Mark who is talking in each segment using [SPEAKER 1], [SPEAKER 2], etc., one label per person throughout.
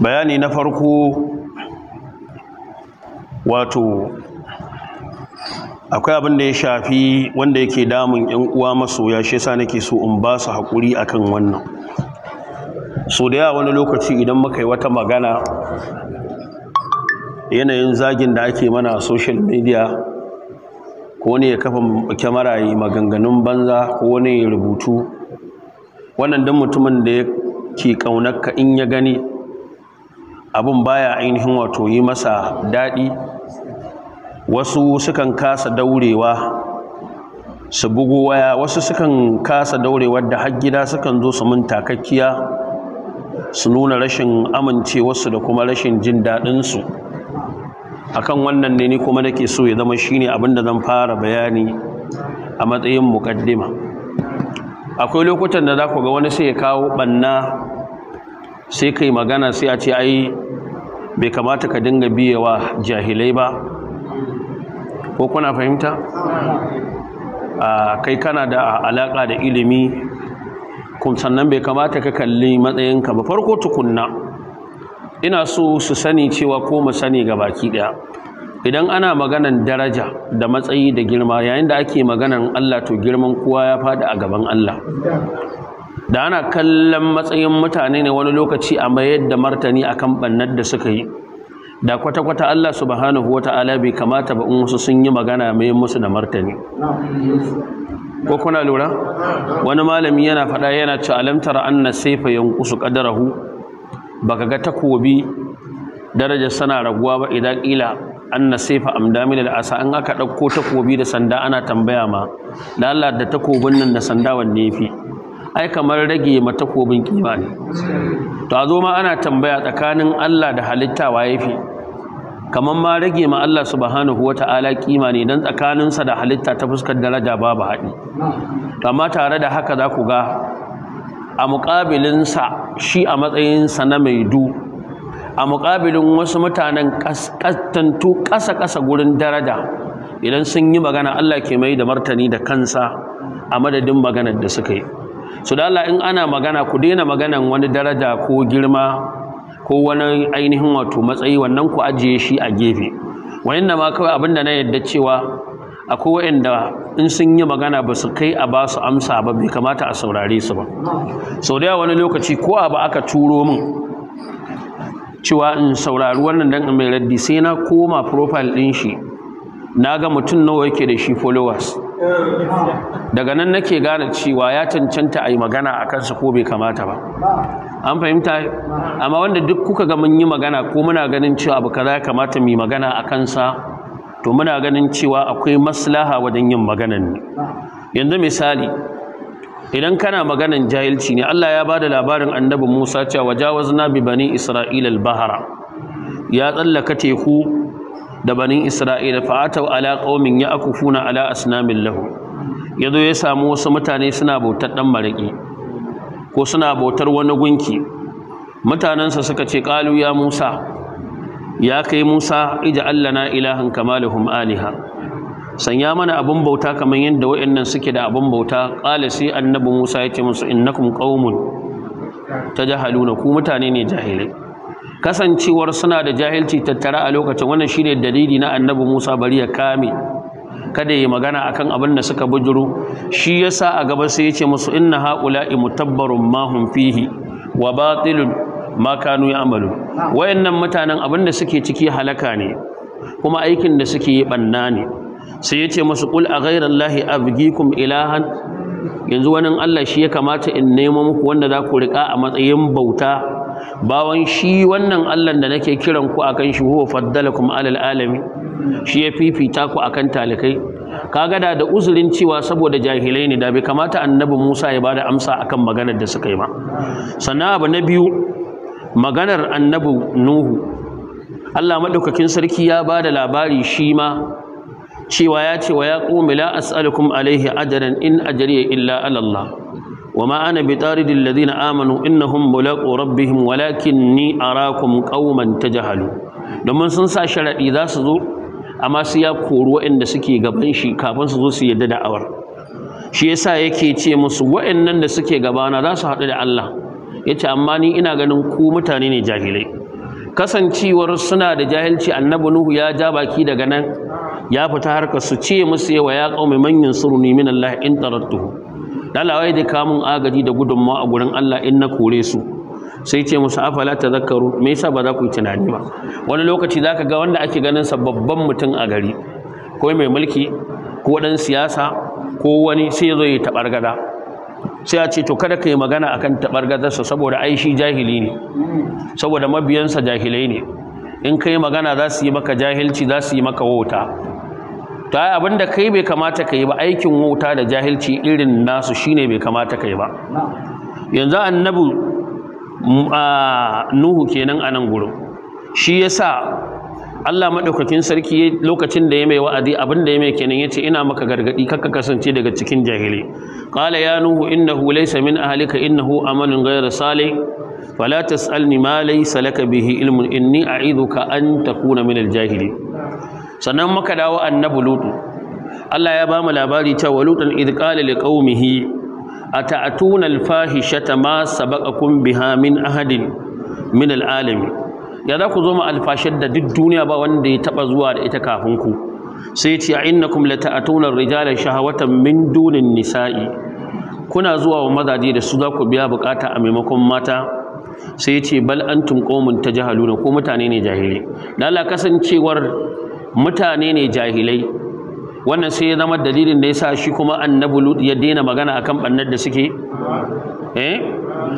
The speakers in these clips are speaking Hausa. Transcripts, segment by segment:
[SPEAKER 1] bayani na farko wato akwai abin da ya shafi wanda yake damun yan uwa masoya shi yasa nake so in ba su haƙuri akan wannan so da yawa wani lokaci idan muka yi wata magana yanayin zagin da ake mana a social media ko wani ya kafa kyamara yi maganganun banza ko wani ya rubutu wannan don mutumin da ke ƙaunarka in ya gani abun baya ainihin wato yi masa daɗi wasu sukan kasa daurewa su bugu waya wasu sukan kasa daurewa da har gida sukan zo su mun takakkiya su nuna rashin amincewarsu da kuma rashin jin daɗinsu akan wannan ne ni kuma nake so ya zama shine abin da zan fara bayani a matsayin muƙaddima akwai lokutan da za ku ga wani sai ya kawo ɓanna sai kai magana sai a ce ai bai kamata ka dinga biyewa jahilai ba ko kuna fahimta kai kana da alaka da ilimi kun sannan bai kamata ka kalli matsayinka ba farko tukunna ina so su sani cewa ko mu sani ga baki ɗaya idan ana maganan daraja da matsayi da girma yayin da ake maganan Allah to girman kowa ya faɗi a gaban Allah da ana kallon matsayin mutane ne wani lokaci a mayar da martani a kan bannar da suka yi da kwata-kwata Allah subhanahu wata'ala bai kamata ba in wasu sun yi magana mai musu da martani ko kuna lura wani malami yana faɗa yana ci alamtar anna saifa yanqusu qadarahu baka ga takobi darajar sana raguwa ba idan kila anna saifa amdamil asa an aka ɗauko takobi da sanda ana tambaya ma da Allah da takobin nan da sanda wanne yafi ai kamar rage matakobin kima ne to a zo ma ana tambaya tsakanin Allah da halitta waye fi kamar ma rage ma Allah subhanahu wata'ala kima ne dan sa da halitta ta fuskar daraja babu haɗi to amma tare da haka za ku ga a muƙabilinsa shi a matsayinsa na mai du a muƙabilin wasu mutanen ƙasƙantu ƙasa-ƙasa gurin daraja idan sun yi magana Allah ke mai da martani da kansa a madadin maganar da suka yi so da Allah in ana magana ku daina maganan wani daraja ko girma ko wani ainihin wato matsayi wannan ku ajiye shi a gefe wayanna ma kawai abinda na yadda cewa akwai wa'anda in sun yi magana ba su kai a ba su amsa ba bai kamata a saurare su ba sau da wani lokaci ko a ba aka turo min cewa in saurari wannan dan mai raddi sai na koma profile din shi na ga mutum nawa yake da shi followers daga nan nake gane cewa ya cancanta a yi magana a kansa ko bai kamata ba an fahimta amma wanda duk kuka ga mun yi magana ko muna ganin cewa abu kaza ya kamata mu yi magana a kansa to muna ganin cewa akwai maslaha wajen yin maganan ne yanzu misali idan kana maganan jahilci ne Allah ya ba da labarin annabi Musa cewa wajawazna bi bani Isra'ila al-bahara ya tsallaka teku da banin isra'ila fa'atau ala qaumin ya'kufuna ala asnamin lahu yazo ya samu wasu mutane suna bautar ɗan maraki ko suna bautar wani gunki Mutanensa suka ce qalu ya musa ya kai musa ij'al lana ilahan kama lahum aliha sanya mana abin bauta kaman yadda wayannan suke da abun bauta qala sai annabi musa ya ce musu innakum qaumun tajahaluna ku mutane ne jahilai kasancewar suna da jahilci tattara a lokacin wannan shine dalili na annabi Musa bari ya kame kada yi magana akan abin da suka bujuru shi yasa a gaba sai yace musu inna haula'i mutabbarun ma hum fihi wa batilun ma kanu ya'malu wayannan mutanen abin da suke ciki halaka ne kuma aikin da suke yi banna ne sai yace musu qul a ghairallahi abghikum ilahan yanzu wani Allah shi ya kamata in nemo muku wanda za ku riƙa a matsayin bauta bawan shi wannan Allah da nake kiran ku akan shi huwa faddalakum alal alami shi ya fifita ku akan talikai kaga da da uzurin cewa saboda jahilai ne da bai kamata annabi Musa ya bada amsa akan maganar da suka yi ba sannan abu na biyu maganar annabi Nuhu Allah madaukakin sarki ya bada labari shi ma cewa ya ce wa ya qumi la as'alukum alaihi ajran in ajriya illa ala Allah وما أنا بطارد الذين آمنوا إنهم ملاقو ربهم ولكني أراكم قوما تجهلوا domin sun sa sharaɗi za su zo amma su ya koro waɗanda suke gaban shi kafin su zo su yadda da'awar shi yasa yake ce musu waɗannan da suke gabana za su haɗu da Allah yace amma ni ina ganin ku mutane ne jahilai kasancewar suna da jahilci annabi nuhu ya ja baki daga nan ya fita harkar su ce musu yawa ya qaumi man yansuruni min Allah in tarattuhu dalawa da kamun agaji da gudunmawa a gurin Allah in na kore su sai ce musu afala zakaru me yasa ba za ku yi tunani ba wani lokaci zaka ga wanda ake ganin sa babban mutum a gari ko mai mulki ko dan siyasa ko wani sai ya zo ya gada sai a ce to kada ka yi magana akan tabargadarsa saboda ai shi jahili ne saboda mabiyansa jahilai ne in ka yi magana za su yi maka jahilci za su yi maka wauta ta ai abin da kai bai kamata ka yi ba aikin wuta da jahilci irin nasu shine bai kamata ka yi ba yanzu annabi mm, nuhu kenan a nan gurin shi ya sa Allah maɗaukakin sarki lokacin da ya mai wa'azi abin da ya mai kenan ya ce ina maka gargaɗi kakka kasance daga cikin jahili ƙala ya nuhu innahu laysa min ahlika innahu amalun ghayra salih fala tasalni ma laysa laka bihi ilmun inni a'idhuka an takuna min al-jahili sannan muka dawo annabi lutu Allah ya bamu labari cewa lutan idh qala liqaumihi ata'tuna al-fahishata ma sabaqakum biha min ahadin min al'alami. ya za ku zo mu alfashar da duk duniya ba wanda ya taba zuwa da ita kafin ku sai ce innakum lata'tuna ar-rijala shahawatan min dunin nisa'i kuna zuwa wa mazaje da su za ku biya bukata a maimakon mata sai ce bal antum qaumun tajahaluna ko mutane ne jahili Lala kasancewar mutane ne jahilai wannan sai ya zama dalilin da ya sa shi kuma annabi lut ya daina magana akan bannar da suke eh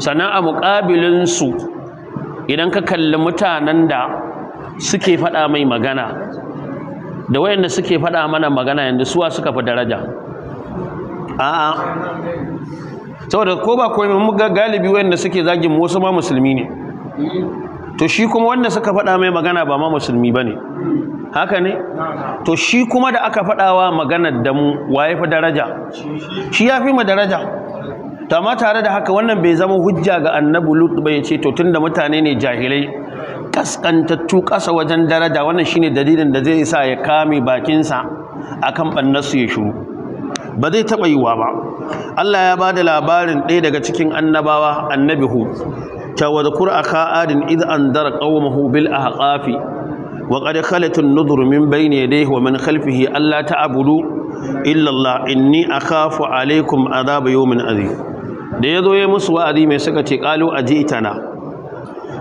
[SPEAKER 1] sannan a muƙabilin su idan ka kalli mutanen da suke faɗa mai magana da wayanda suke faɗa mana magana yanzu suwa suka fi daraja a'a saboda ko ba komai mun ga galibi wayanda suke zagin wasu ma musulmi ne to shi kuma wanda suka faɗa mai magana ba ma musulmi bane haka ne to shi kuma da aka faɗawa maganar da mu waye fi daraja shi ya fi mu daraja amma tare da haka wannan bai zama hujja ga annabi lut ba yace ce to tunda mutane ne jahilai kaskantattu ƙasa wajen daraja wannan shine dalilin da zai sa ya kame bakinsa akan ɓannarsu ya shiru ba zai taɓa yiwa ba Allah ya ba da labarin ɗaya daga cikin annabawa annabi hu ta wadkur aka adin idh andara qawmahu bil ahqafi wa qad khalat an-nudhur min bayni yadayhi wa min khalfihi alla ta'budu illa Allah inni akhafu alaykum adhab yawmin da yazo ya musu wa'azi mai suka ce qalu ajitana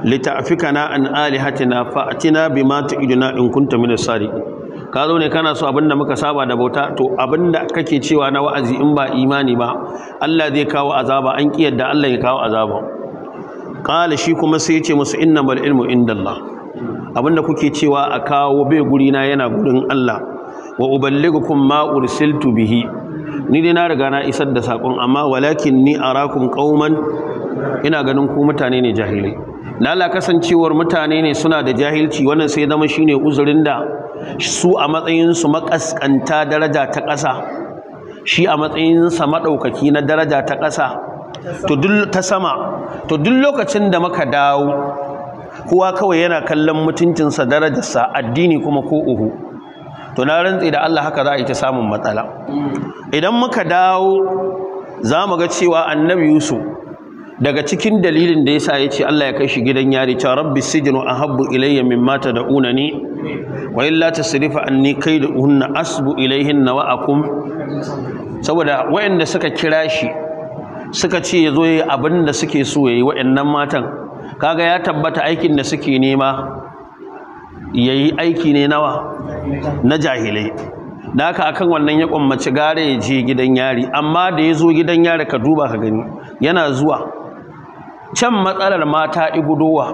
[SPEAKER 1] lita'fikana an alihatina fa'tina bima tu'iduna in kunta min as ka zo ne kana so abinda muka saba da bauta to abinda kake cewa na wa'azi in ba imani ba Allah zai kawo azaba an kiyar da Allah ya kawo azaba qala shi kuma sai ya ce musu innamal ilmu indallah abinda kuke cewa a kawo bai gurina yana gurin Allah wa uballighukum ma ursiltu bihi ni dai na riga na isar da sakon amma walakin ni arakum qauman ina ganin ku mutane ne jahilai lala kasancewar mutane ne suna da jahilci wannan sai zama shine uzurin da su a matsayinsu su makaskanta daraja ta ƙasa shi a matsayin sa madaukaki na daraja ta ƙasa ta sama to duk lokacin da muka dawo kowa kawai yana kallon mutuncinsa darajarsa addini kuma ko uhu to na rantsi da Allah haka za a yi ta samun matsala idan muka dawo za mu ga cewa annabi yusuf daga cikin dalilin da yasa ya ce Allah ya kai shi gidan yari ta rabbi sijinu ahabbu ilayya mimma tad'unani wa illa tasrifa anni kayduhunna asbu ilayhinna wa akum saboda wayanda suka kira shi suka ce yazo yayi abin da suke so yayi wayannan matan kaga ya tabbata aikin da suke nema yayi aiki ne nawa na jahilai da haka akan wannan ya kwammaci gare ya je gidan yari amma da ya zo gidan yari ka duba ka gani yana zuwa can matsalar mata igudowa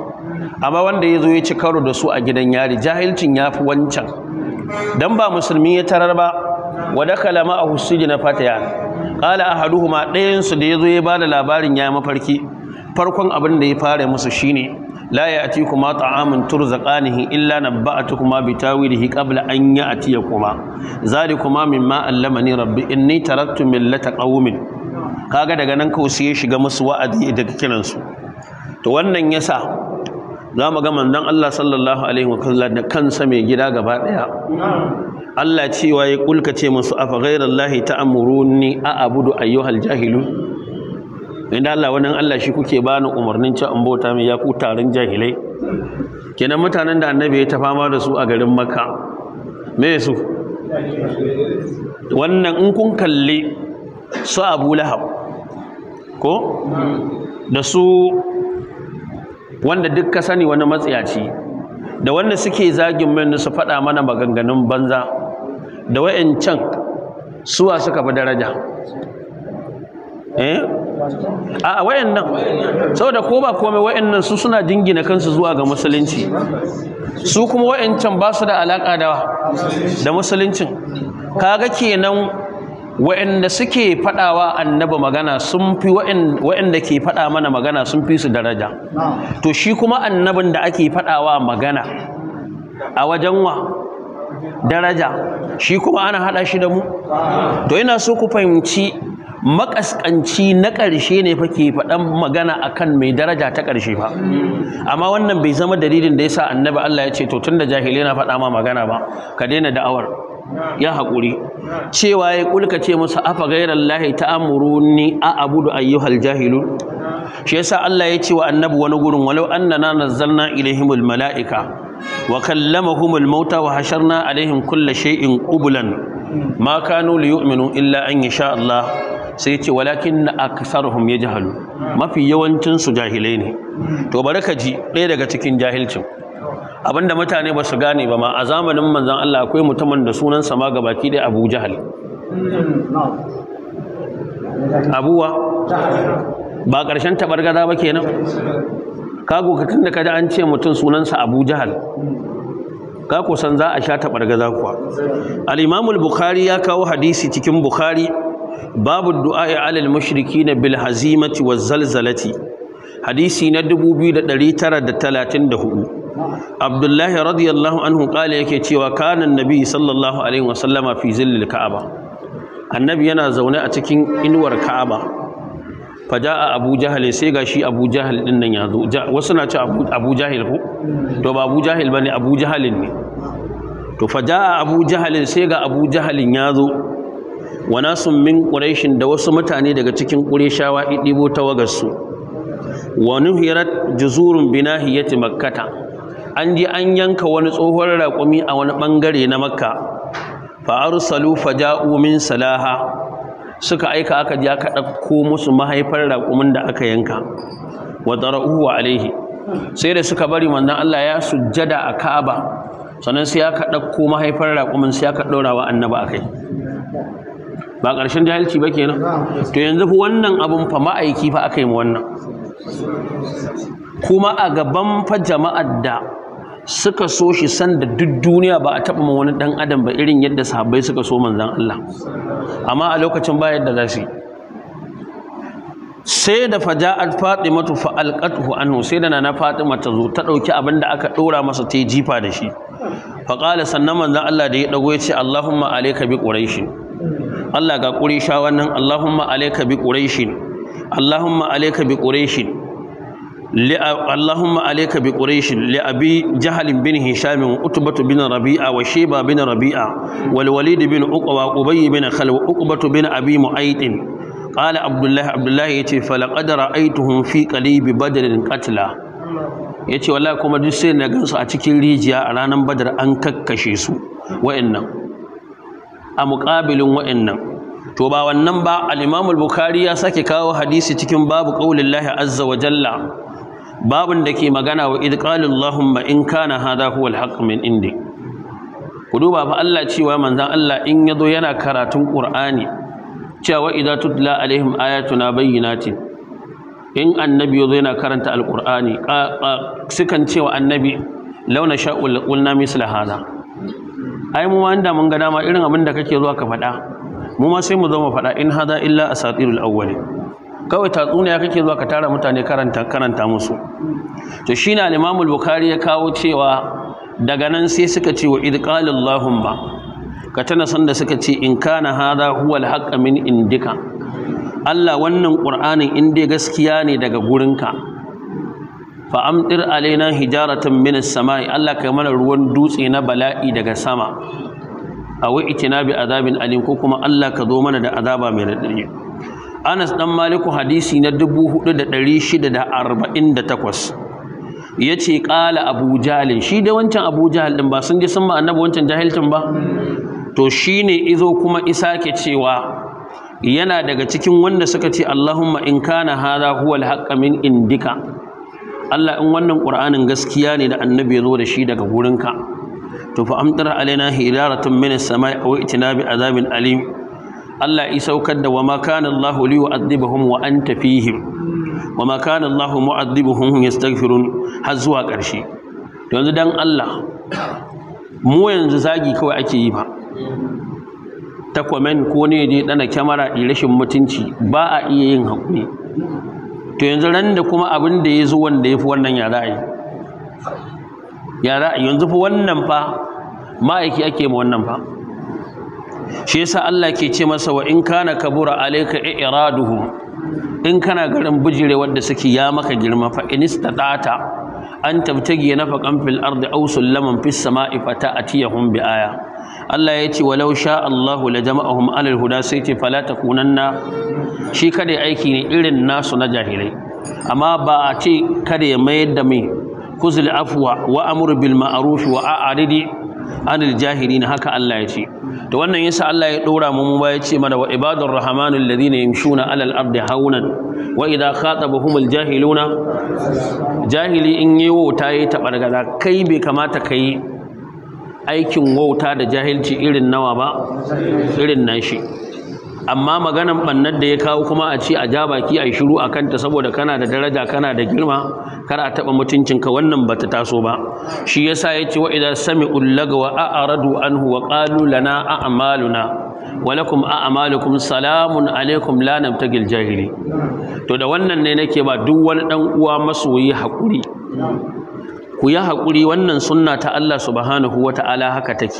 [SPEAKER 1] amma wanda ya zo ya ci karo da su a gidan yari jahilcin ya fi wancan Don ba musulmi ya tarar ba wa dakala na Fatiya. ƙala a haduhu ma ɗayansu da ya zo ya bada labarin ya mafarki farkon abin da ya fara musu shine la ya'tikuma ta'amun turzaqanihi illa nabba'atukuma bitawilihi qabla an ya'tiyakuma zalikuma mimma allamani rabbi inni taraktu millata qaumin kaga daga nan kawai sai ya shiga musu wa'azi daga kiransu to wannan yasa za mu ga manzon Allah sallallahu alaihi wa sallam da kansa mai gida gaba daya Allah cewa ya kulka ce musu afa ghayrallahi ta'muruni a abudu ayyuhal jahilun inda Allah wannan Allah shi kuke bani umarnin cewa bauta mai ya ku tarin jahilai kenan mutanen da annabi ya ta fama da su a garin makka me su wannan in kun kalli su abu lahab ko da su wanda duk ka sani wani matsiyaci da wanda suke zagin mai su faɗa mana maganganun banza da can suwa suka fi daraja eh a wayannan saboda ko ba komai wayannan su suna jingina kansu zuwa ga musulunci su kuma wayancan ba su da alaka da da musuluncin kaga kenan wayanda suke fadawa annaba magana sun fi wayanda ke fada mana magana sun fi su daraja to shi kuma annabin da ake fadawa magana a wajen wa daraja shi kuma ana hada shi da mu to ina so ku fahimci makaskanci na ƙarshe ne ke faɗan magana akan mai daraja ta ƙarshe ba amma wannan bai zama dalilin da yasa annabi Allah ya ce to tunda jahilai na faɗa ma magana ba ka daina da'awar ya haƙuri cewa ya kulka ce musu afa ghairal lahi ta'amuruni a abudu ayyuhal jahilun shi yasa Allah ya ce wa annabi wani gurin walau annana nazzalna ilaihimul mala'ika wa kallamahumul mauta wa hasharna alaihim kulla shay'in qublan ma kanu liyu'minu illa an yasha Allah sai ce walakin na aksaruhum ya jahalu mafi yawancinsu jahilai ne to bari ka ji ɗaya daga cikin jahilcin abinda mutane ba su gane ba ma a zamanin manzan Allah akwai mutumin da sunansa ma baki da abu jahal abuwa ba ƙarshen taɓar gada ba kenan kago ka tun da kada an ce mutum sunansa abu jahal ka kusan za a sha taɓar gada kuwa al-imamul bukhari ya kawo hadisi cikin bukhari babu du'a'i alal mushrikina bil hazimati waz zalzalati hadisi na 2934 Abdullahi radiyallahu anhu kale yake cewa kana annabi sallallahu alaihi wasallama fi zillil ka'aba annabi yana zaune a cikin inuwar ka'aba faja'a abu jahal sai gashi abu jahal din nan yazo wasu na ce abu jahil to ba abu jahil bane abu ne to faja'a abu jahalin sai ga abu ya zo. wa nasun min quraishin da wasu mutane daga cikin qurayshawa idibo tawagarsu wa nuhirat juzurun binahiyati makkata an ji an yanka wani tsohon raƙumi a wani bangare na makka fa arsalu faja'u min salaha suka aika aka ji aka ɗauko musu mahaifar raƙumin da aka yanka wa dara'uhu alaihi sai da suka bari manzon Allah ya sujjada a Ka'aba sannan sai aka ɗauko mahaifar raƙumin sai aka ɗora wa annaba akai ba ƙarshen jahilci ba kenan to yanzu fi wannan abin fa ma'aiki fa aka yi mu wannan kuma a gaban fa jama'ar da suka so shi sanda duk duniya ba a taɓa ma wani ɗan adam ba irin yadda sahabbai suka so manzan Allah amma a lokacin ba yadda za su sai da faja'at fatimatu fa alqatuhu anhu sai da nana fatima ta zo ta dauki abin da aka ɗora masa ta jifa da shi fa qala sannan manzon Allah da ya dago ya ce Allahumma alayka bi quraish Allah ga Qurayshawan nan Allahumma alayka bi Qurayshin Allahumma alayka bi Qurayshin Allahumma alayka bi Quraysh li Abi Jahl bin Hisham wa bin Rabi'a wa Shayba bin Rabi'a wal Walid bin Uqwa Ubay bin Khalw Uqbah bin Abi Mu'ayth qala Abdullah Abdullah yace falaqad ra'aytuhum fi qalib Badr qatla yace wallahi kuma duk sai na gansu a cikin rijiya a ranar Badar an kakkashe su wa'annan a muƙabilin wa'annan to ba wannan ba al-Imam al-Bukhari ya sake kawo hadisi cikin babu qaulillahi azza wa jalla babun da ke magana wa idh qala Allahumma in kana hadha huwa al-haqq min indi ku duba fa Allah cewa manzon Allah in yazo yana karatun Qur'ani cewa idza tutla alaihim ayatuna bayyinatin in annabi yazo yana karanta al-Qur'ani sukan cewa annabi launa sha'ul qulna misla hadha ai mu ma inda mun ga dama irin abin da kake zuwa ka faɗa mu ma sai mu zo mu faɗa in hada illa asatirul awwalin kawai tatsuniya kake zuwa ka tara mutane karanta karanta musu to shine al-Imam bukhari ya kawo cewa daga nan sai suka ce wa id ka tana san da suka ce in kana hada huwal al min indika Allah wannan Qur'anin in dai gaskiya ne daga gurinka fa amtir alaina hijaratan min as Allah kai mana ruwan dutse na bala'i daga sama a aw itina bi azabin alim ko kuma Allah ka zo mana da azaba mai radadi Anas dan Maliku hadisi na 4648 ce ƙala Abu Jahl shi da wancan Abu Jahl din ba sun ji sun ma annabi wancan jahilcin ba to shi ne izo kuma isake cewa yana daga cikin wanda suka ce Allahumma in kana hadha huwa al-haqq min indika Allah in wannan Kur'anin gaskiya ne da annabi ya zo da shi daga gurinka to fa amtar alaina hidaratun min as-sama'i aw itina bi azabin alim Allah ya saukar da wa ma kana Allah li yu'adhibuhum wa anta fihim wa ma kana Allah mu'adhibuhum yastaghfirun har zuwa ƙarshe to yanzu dan Allah mu yanzu zagi kawai ake yi ba ta komen ko ne dai dana kyamara rashin mutunci ba a iya yin hakuri to yanzu ran da kuma abin da ya zo wanda ya fi wannan ya ra'ayi ya ra'ayi yanzu fi wannan fa ma'aiki ake ma wannan fa shi yasa Allah ke ce masa wa in kana kabura alayka i'raduhum in kana garin bijire wanda suke ya maka girma fa in istata'ta an tabtagi nafaqan fil ardi aw sulaman fis sama'i fata'tiyahum bi aya Allah ya ce walau sha Allahu la jama'ahum alal huda sai ce fala takunanna shi kada aiki ne irin nasu na jahilai amma ba a ce kada ya mayar da mai kuzul afwa wa amru bil ma'ruf wa a'ridi anil jahilin haka Allah ya ce to wannan yasa Allah ya dora mu mu ya ce mana wa ibadur rahman alladhina yamshuna alal ardi hawnan wa idha khatabahum jahiluna jahili in yi wauta yayi tabargaza kai bai kamata kai aikin wauta da jahilci irin nawa ba irin nashi amma maganan bannar da ya kawo kuma a ce a ja baki a yi shiru a kanta saboda kana da daraja kana da girma kar a taɓa mutuncinka wannan bata taso ba shi yasa ya ce wa idza sami'ul lagwa a'radu anhu wa qalu lana a'maluna wa lakum a'malukum salamun alaikum la ta jahili to da wannan ne nake ba duk wani ɗan uwa masoyi hakuri ku yi haƙuri wannan sunna ta Allah subhanahu wa ta'ala haka take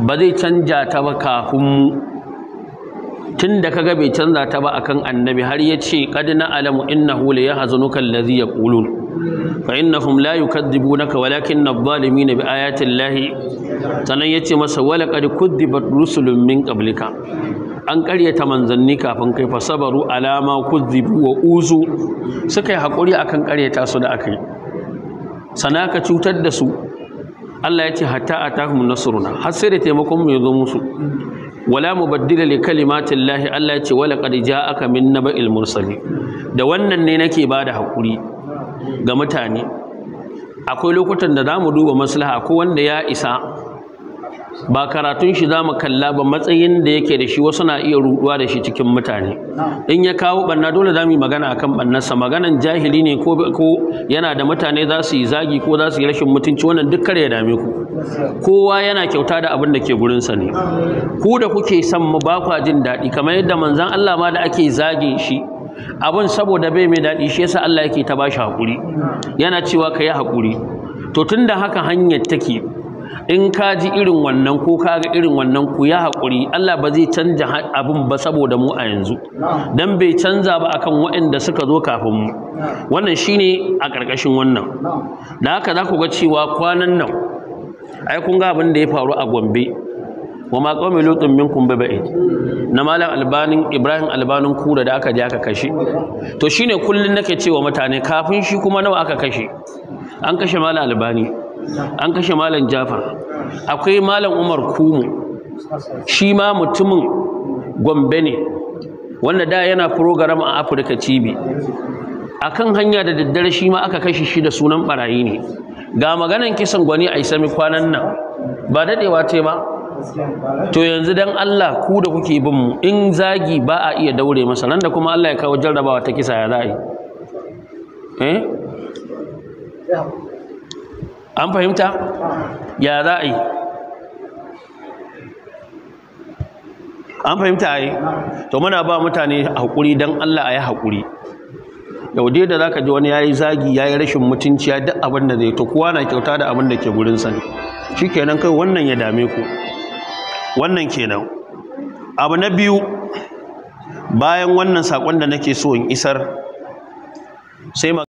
[SPEAKER 1] ba zai canja ta ba kafin mu tun da kaga bai canza ta ba akan annabi har ya ce qad ya innahu la yahzunuka allazi yaqulun fa innahum la yukadzibunaka na adh na bi lahi. Sannan sanan yace masa wala qad ba rusulun min qablika an ƙaryata manzanni kafin kai fa sabaru alama kudzibu wa uzu suka yi hakuri akan ƙaryata su da yi. sana ka cutar da su Allah ya ce hatta atahum nasruna har sai da taimakon mu ya zo musu wala mubaddila li kalimatin lahi Allah ya ce wala qad aka min naba'il mursalin da wannan ne nake da hakuri ga mutane akwai lokutan da zamu duba maslaha ko wanda ya isa ba karatun shi za mu kalla ba matsayin da yake da shi wasu na iya ruɗuwa da shi cikin mutane in ya kawo banna dole za yi magana a kan ɓannarsa maganan jahili ne ko yana da mutane za su yi zagi ko za su yi rashin mutunci wannan duk kar ya dame ku kowa yana kyauta da abin da ke sa ne ku da kuke son mu ba kwa jin daɗi kamar yadda manzon Allah ma da ake zagi shi abin saboda bai mai daɗi shi yasa Allah yake ta bashi haƙuri yana cewa ka hakuri to tunda haka hanyar take in ka ji irin wannan ko ka ga irin wannan ku ya haƙuri Allah ba zai canja abin ba saboda mu a yanzu dan bai canza ba akan waɗanda suka zo kafin mu wannan shine a ƙarƙashin wannan da haka za ku ga cewa kwanan nan ai kun ga abin da ya faru a Gombe wa ma qawmi lutum minkum ba na malam albanin ibrahim albanin kura da aka je aka kashe to shine kullun nake cewa mutane kafin shi kuma nawa aka kashe an kashe malam albani an kashe malam jafar akwai malam umar kumu shi ma mutumin gombe ne wanda da yana program a afirka cibi akan hanya da daddare shi ma aka kashe shi da sunan barayi ne ga maganan kisan gwani a isami kwanan nan ba dadewa ce ba to yanzu don Allah ku da kuke bin mu in zagi ba a iya daure masa nan da kuma Allah ya kawo jarrabawa ta kisa ya za'a eh an fahimta ya za a yi an fahimta a yi to muna ba mutane haƙuri don allah a yi haƙuri yau dai da za ka ji wani ya yi zagi ya yi rashin mutunci ya duk abin da zai to kowa na kyauta da abin da ke gurin sani. shi kenan kai wannan ya dame ku wannan kenan abu na biyu bayan wannan saƙon da nake so in isar sai